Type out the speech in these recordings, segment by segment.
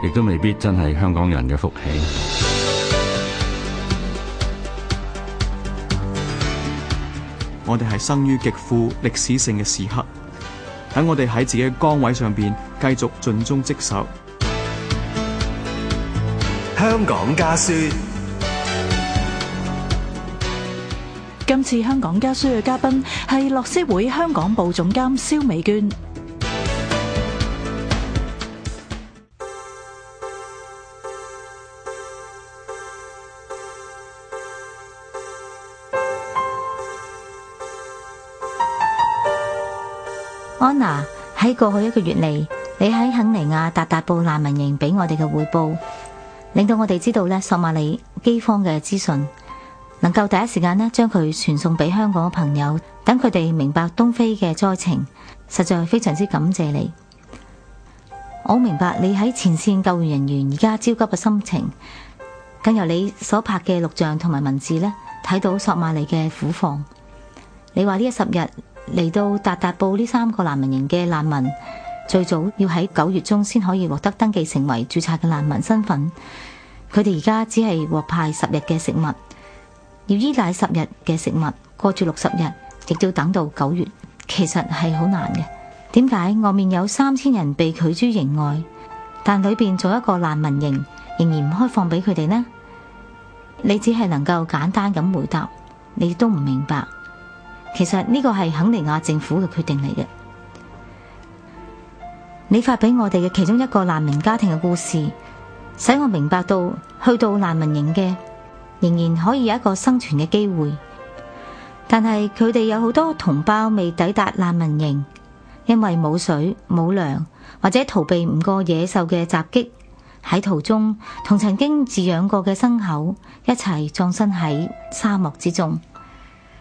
亦都未必真係香港人嘅福氣。我哋係生於極富歷史性嘅時刻，等我哋喺自己嘅崗位上邊繼續盡忠職守。香港家書。今次香港家書嘅嘉賓係樂施會香港部總監蕭美娟。安娜，喺過去一個月嚟，你喺肯尼亞達達布難民營俾我哋嘅匯報，令到我哋知道呢索馬里饑荒嘅資訊，能夠第一時間呢將佢傳送俾香港嘅朋友，等佢哋明白東非嘅災情，實在非常之感謝你。我明白你喺前線救援人員而家焦急嘅心情，更由你所拍嘅錄像同埋文字呢睇到索馬里嘅苦況。你話呢一十日？嚟到達達布呢三個難民營嘅難民，最早要喺九月中先可以獲得登記成為註冊嘅難民身份。佢哋而家只係獲派十日嘅食物，要依賴十日嘅食物，過住六十日，亦都要等到九月。其實係好難嘅。點解外面有三千人被拒諸營外，但裏邊做一個難民營仍然唔開放俾佢哋呢？你只係能夠簡單咁回答，你都唔明白。其實呢個係肯尼亞政府嘅決定嚟嘅。你發俾我哋嘅其中一個難民家庭嘅故事，使我明白到去到難民營嘅仍然可以有一個生存嘅機會。但係佢哋有好多同胞未抵達難民營，因為冇水冇糧，或者逃避唔過野獸嘅襲擊，喺途中同曾經飼養過嘅牲口一齊葬身喺沙漠之中。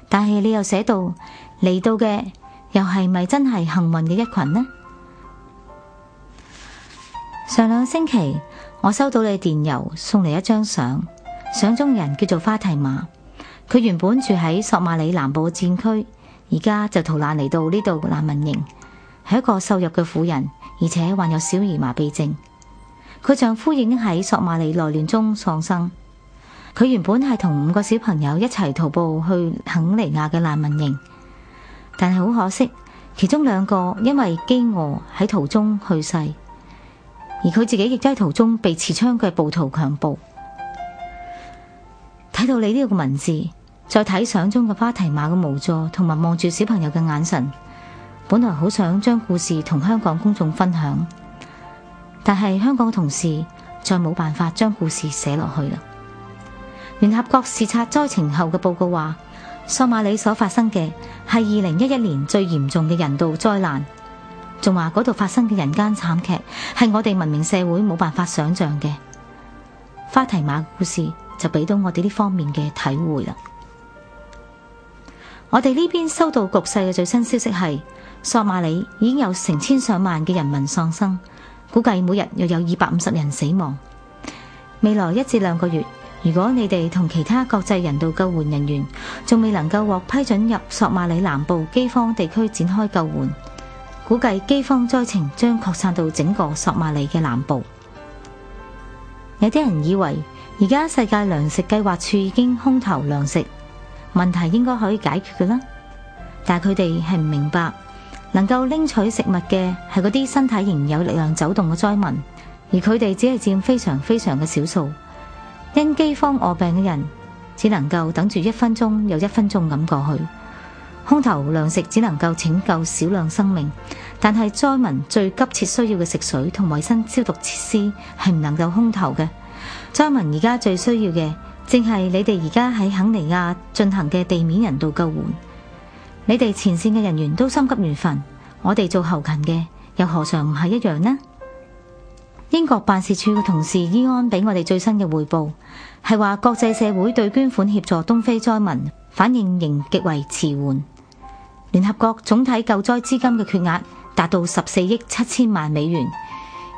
但係你又寫到嚟到嘅又係咪真係幸運嘅一群呢？上兩星期我收到你電郵，送嚟一張相，相中人叫做花提馬，佢原本住喺索馬里南部戰區，而家就逃難嚟到呢度難民營，係一個瘦弱嘅婦人，而且患有小兒麻痹症，佢丈夫已經喺索馬里內亂中喪生。佢原本係同五個小朋友一齊徒步去肯尼亞嘅難民營，但係好可惜，其中兩個因為飢餓喺途中去世，而佢自己亦都喺途中被持槍嘅暴徒強暴。睇到你呢個文字，再睇相中嘅巴提馬嘅無助，同埋望住小朋友嘅眼神，本來好想將故事同香港公眾分享，但係香港嘅同事再冇辦法將故事寫落去啦。聯合國視察災情後嘅報告話，索馬里所發生嘅係二零一一年最嚴重嘅人道災難，仲話嗰度發生嘅人間慘劇係我哋文明社會冇辦法想象嘅。花提馬嘅故事就俾到我哋呢方面嘅體會啦。我哋呢邊收到局勢嘅最新消息係，索馬里已經有成千上萬嘅人民喪生，估計每日又有二百五十人死亡。未來一至兩個月。如果你哋同其他國際人道救援人員仲未能夠獲批准入索馬里南部饑荒地區展開救援，估計饑荒災情將擴散到整個索馬里嘅南部。有啲人以為而家世界糧食計劃署已經空投糧食，問題應該可以解決嘅啦。但係佢哋係唔明白，能夠拎取食物嘅係嗰啲身體仍有力量走動嘅災民，而佢哋只係占非常非常嘅少數。因饑荒餓病嘅人，只能夠等住一分鐘又一分鐘咁過去，空投糧食只能夠拯救少量生命，但係災民最急切需要嘅食水同衛生消毒設施係唔能夠空投嘅。災民而家最需要嘅，正係你哋而家喺肯尼亞進行嘅地面人道救援。你哋前線嘅人員都心急如焚，我哋做後勤嘅又何嘗唔係一樣呢？英國辦事處嘅同事伊安俾我哋最新嘅匯報，係話國際社會對捐款協助東非災民反應仍極為遲緩。聯合國總體救災資金嘅缺額達到十四億七千萬美元。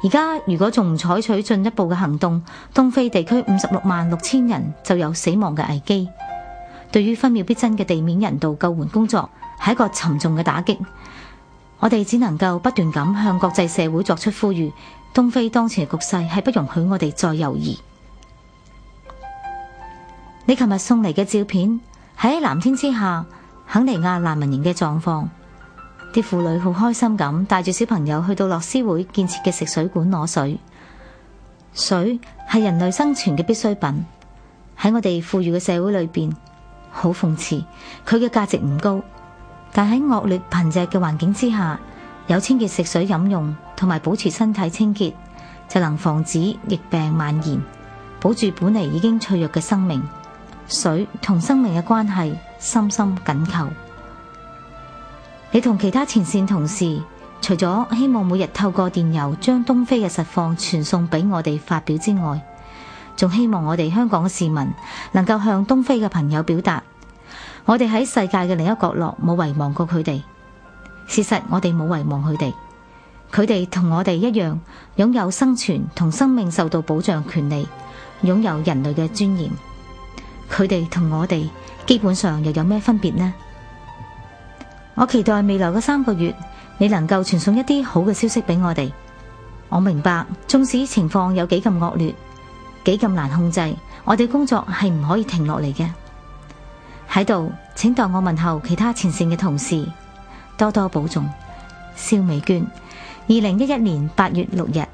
而家如果仲唔採取進一步嘅行動，東非地區五十六萬六千人就有死亡嘅危機。對於分秒必爭嘅地面人道救援工作，係一個沉重嘅打擊。我哋只能夠不斷咁向國際社會作出呼籲。東非當前局勢係不容許我哋再猶豫。你琴日送嚟嘅照片喺藍天之下，肯尼亞難民營嘅狀況，啲婦女好開心咁帶住小朋友去到樂施會建設嘅食水管攞水。水係人類生存嘅必需品。喺我哋富裕嘅社會裏邊，好諷刺，佢嘅價值唔高，但喺惡劣貧瘠嘅環境之下。有清潔食水飲用，同埋保持身體清潔，就能防止疫病蔓延，保住本嚟已經脆弱嘅生命。水同生命嘅關係，深深緊扣。你同其他前線同事，除咗希望每日透過電郵將東非嘅實況傳送俾我哋發表之外，仲希望我哋香港嘅市民能夠向東非嘅朋友表達，我哋喺世界嘅另一角落冇遺忘過佢哋。事實我哋冇遺忘佢哋，佢哋同我哋一樣擁有生存同生命受到保障權利，擁有人類嘅尊嚴。佢哋同我哋基本上又有咩分別呢？我期待未來嘅三個月，你能夠傳送一啲好嘅消息俾我哋。我明白，縱使情況有幾咁惡劣，幾咁難控制，我哋工作係唔可以停落嚟嘅。喺度，請代我問候其他前線嘅同事。多多保重，蕭美娟，二零一一年八月六日。